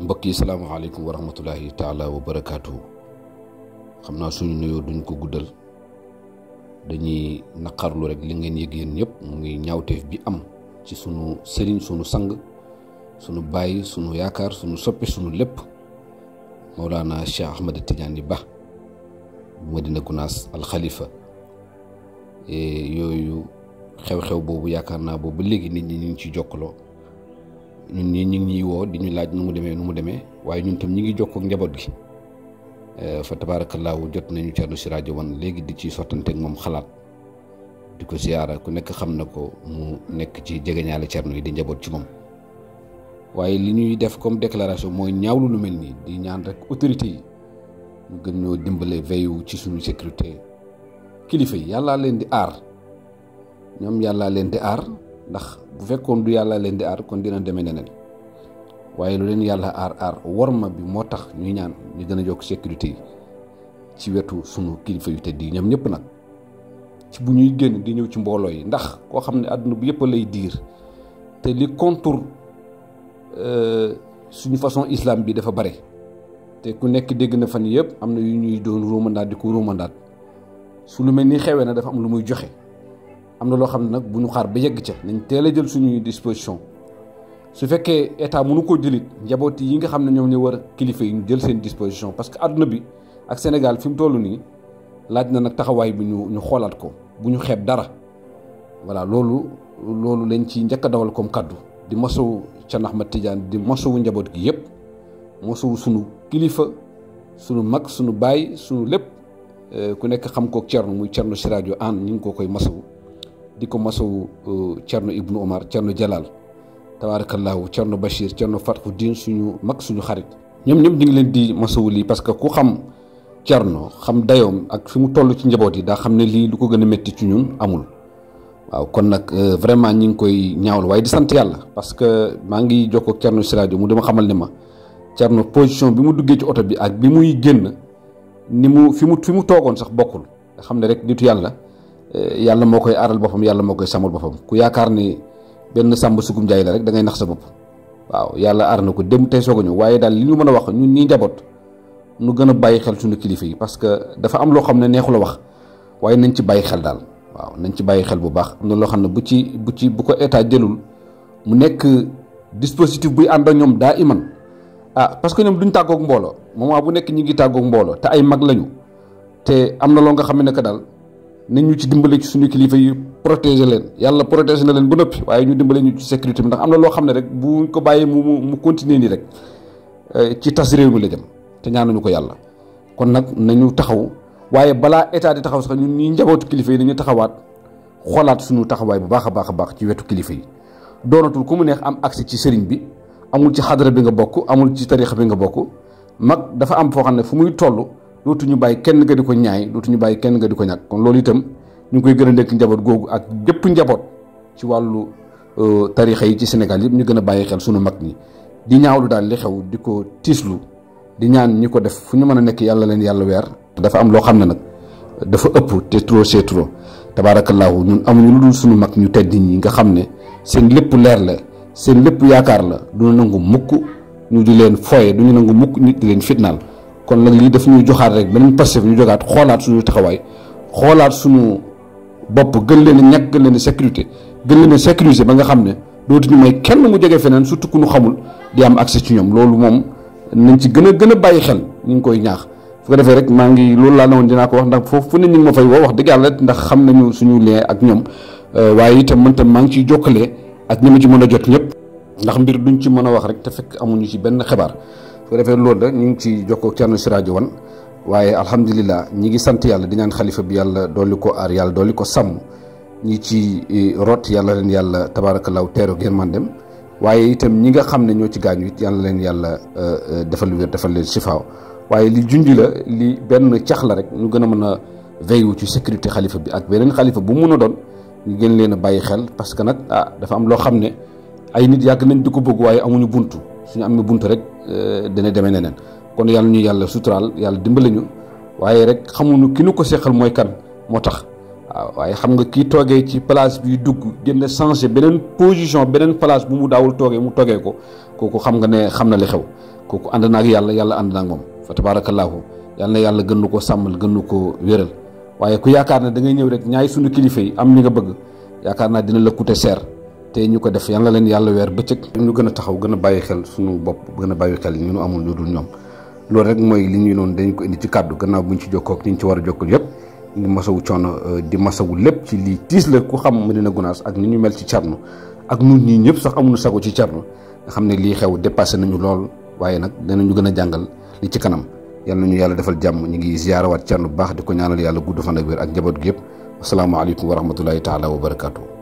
mbokk yi salaamaaleykum wa rahmatullahi taala wa barakaatuhu xam naa suñu nuyoo duñ ko guddal dañuy naqarlu rek li ngeen yëg yéen ñëpp muy ñaawteef bi am ci sunu sëriñ sunu sang sunu bàyyi sunu yaakaar sunu soppi sunu lépp Mawlana Cheikh Ahmed Tidiane Ba bu Madina Gunaas alxalifa eh, yooyu xew-xew boobu yaakaar naa boobu léegi nit ñi ñu ngi ci jokkaloo. ñu nii ñu ngi ñuy woo di ñu laaj nu mu demee nu mu demee waaye ñun tam ñi ngi jokkoo ak njaboot gi eh, fa tabaarakallaahu jot nañu Thierno rajo Wane léegi di ci sottanteeg moom xalaat di ko ziyaara ku nekk xam na ko mu nekk ci jegeñaale Thierno yi di njaboot ci moom. waaye li ñuy def comme déclaration mooy ñaawlu lu mel nii di ñaan rek autorité yi ñu gën ñoo dimbale veyu ci suñu sécurité kilifa yi yàllaa leen di aar ñoom yàllaa leen di aar. ndax bu fekkoon du yàlla leen di aar kon dina demee neneen waaye lu leen yàlla aar aar worma bi moo tax ñuy ñaan ñu gën a yokk sécurité yi ci wetu suñu kilifa yu tëdd yi ñoom ñëpp nag ci bu ñuy génn di ñëw ci mbooloo yi ndax koo xam ne àdduna bu yëpp lay diir te li contour euh, suñu façon islam bi dafa bare te ku nekk dégg na fan yëpp am na yu ñuy doon ruumandaat di ko ruumandaat su lu mel ni xewee na dafa am lu muy joxe. am na loo xam ne nag bu ñu xaar ba yegg ca nañ teel a jël suñuy disposition su fekkee état mënu koo jëlit njaboot yi nga xam ne ñoom ñoo war kilifa yi ñu jël seen disposition parce que àdduna bi ak Sénégal fi mu toll nii laaj na nag taxawaay bi ñu ñu xoolaat ko bu ñu xeeb dara voilà loolu loolu lañ ci njëkk a dawal comme kàddu di mosawu ca nax ma Tijaan di mosawu njaboot gi yëpp mosawu sunu kilifa sunu mag sunu baay sunu lépp euh, ku nekk xam kook cernu muy cernu sirajo an ñu ngi ko koy mosawu di ko masawu euh, Thierno Ibnu Omar Thierno Jalal tabaarakallahu Thierno Bachir fat Fatxu Diin suñu mag suñu xarit. ñoom ñëpp ñu ngi leen di masawu lii parce que ku xam Thierno xam dayoom ak fi mu toll ci njaboot yi daa xam ne lii du ko gën a métti ci ñun amul. waaw kon nag euh, vraiment ñi ngi koy ñaawlu waaye di sant yàlla parce que maa ngi jokkoo ko Thierno si rajo mu dama xamal ne ma Thierno position bi mu duggee ci oto bi ak bi muy génn ni mu fi mu fi mu toogoon sax bokkul nga xam ne rek nitu yàlla. Eh, yàlla moo koy aral boppam yàlla moo koy sàmmal boppam ku yaakaar ni benn sàmm sugum njaay la rek da ngay nax sa bopp waaw yàlla aar na ko dem tey soog a waaye daal li ñu mën a wax ñun ñii njaboot nu gën a bàyyi xel suñu kilifa yi parce que dafa am loo xam ne neexu la wax waaye nañ ci bàyyi xel daal waaw nañ ci bàyyi xel bu baax am loo xam ne bu ci bu ci bu ko état jëlul mu nekk dispositif buy ànd ak ñoom daa iman ah parce que ñoom duñ tàggoog mbooloo moment bu nekk ñi ngi tàggook mbooloo te ay mag lañu te am na loo nga xam ne que daal. nañ ñu ci dimbale ci suñu kilifa yi protéger leen yàlla protéger na leen ba noppi waaye ñu dimbale ñu ci sécurité bi ndax am na loo xam ne rek buñ ko bàyyee mu mu continuer nii rek eh, ci tas réew mi la jëm te ñaan nañu ko yàlla kon nag nañu taxaw waaye balaa état di taxaw sax ñun ñi njabootu kilifa yi dañu taxawaat xoolaat suñu taxawaay bu baax a baax a baax ci wetu kilifa yi doonatul ku mu neex am accès ci sëriñ bi amul ci xadara bi nga bokk amul ci tarixa bi nga bokk mag dafa am foo xam ne fu muy toll dootuñu bàyyi kenn nga di ko ñaay dootuñu bàyyi kenn nga di ko ñàkk kon loolu itam ñu ngi koy gën a dénk njaboot googu ak jëpp njaboot ci wàllu euh, tarixa yi ci Sénégal yëpp ñu gën a bàyyi xel sunu mag ñi di ñaawlu daal li xew di ko tiislu di ñaan ñi ko def fu ñu mën a nekk yàlla leen yàlla weer dafa am loo xam ne nag dafa ëpp te trop c'est trop tabaarakallaahu ñun amuñu lu dul sunu mag ñu tedd ñi nga xam ne seen lépp leer la seen lépp yaakaar la du nangu mukk ñu di leen foye du ñu nangu mukk nit di leen fitnaal kon nag lii daf ñuy joxaat rek beneen passif ñu jogaat xoolaat suñu taxawaay xoolaat suñu bopp gën leen a ñàkk gën leen sécurité gën leen a sécuriser ba nga xam ne dootuñu may kenn mu jege feneen surtout ku ñu xamul di am accès ci ñoom loolu moom nañ ci gën a gën a bàyyi xel ñu koy ñaax fu ko defee rek maa ngi loolu laa ne woon dinaa ko wax ndax foofu fu ne ñu ngi ma fay woo wax dëgg yàlla ndax xam nañu suñu lien ak ñoom euh, waaye itam man tam maa ngi ciy jokkalee ak ñi ma ci mën a jot ñëpp ndax mbir duñ ci mën a wax rek te fekk amuñu ci benn xibaar su defee loolu la ñu ngi ci jokkoo Thierno Siraji wan waaye alhamdulilah ñi ngi sant yàlla dinaan xalifa bi yàlla dolli ko aar yàlla dolli ko sàmm ñi ci e, rot yàlla leen yàlla tabaarakalaaw teero gën man dem waaye itam ñi nga xam ne ñoo ci gaañu it yàlla leen yàlla e, e, defal wér defal leen sifaaw waaye li junj la li benn cax la rek ñu gën a mën a veyu ci sécurité xalifa bi ak beneen xalifa bu mun a doon ñu gën leen a bàyyi xel parce que nag ah dafa am loo xam ne ay nit yàgg nañ di ko bëgg waaye amuñu buntu suñu amee bunt rek euh, dana demee neneen kon yàlla ñu yàlla suturaal yàlla dimbali ñu waaye rek xamuñu ki nu ko seqal mooy kan moo tax waaw waaye xam nga kii toogee ci place bi dugg génn changé beneen position beneen place bu mu daawul toogee mu toogee ko kooku xam nga ne xam na li xew kooku ànd na ak yàlla yàlla ànd na ak moom fa tabaarakallaahu yàlla na yàlla gën nu ko sàmmal gën nu ko wéral waaye ku yaakaar ne da ñëw rek ñaay suñu kilifa yi am li nga bëgg yaakaar naa dina la coûter cher te ñu ko def yalla leen yàlla weer bëccëg ñu gën a taxaw gën a bàyyi xel suñu bopp gën a bàyyi xel ñu nu amul lu dul ñoom loolu rek mooy li ñuy noon dañ ko indi ci kàddu gannaaw buñ ci jokkoo ñu ci war a jokkal yëpp di masawu coono euh, di masawu lépp ci lii tiis la ku xam Médina Gounass ak ni ñu mel ci Thierno ak ñun ñii ñëpp sax amuñu sago ci Thierno nga xam ne lii xew dépassé nañu lool waaye nag danañu gën a jàngal li ci kanam yal nañu yàlla defal jàmm ñu ngi ziyaarawaat Thierno bu baax di ko ñaanal yàlla gudd fan ak wér ak njaboot gi yëpp asalaamaaleykum wa rahmatullahi taala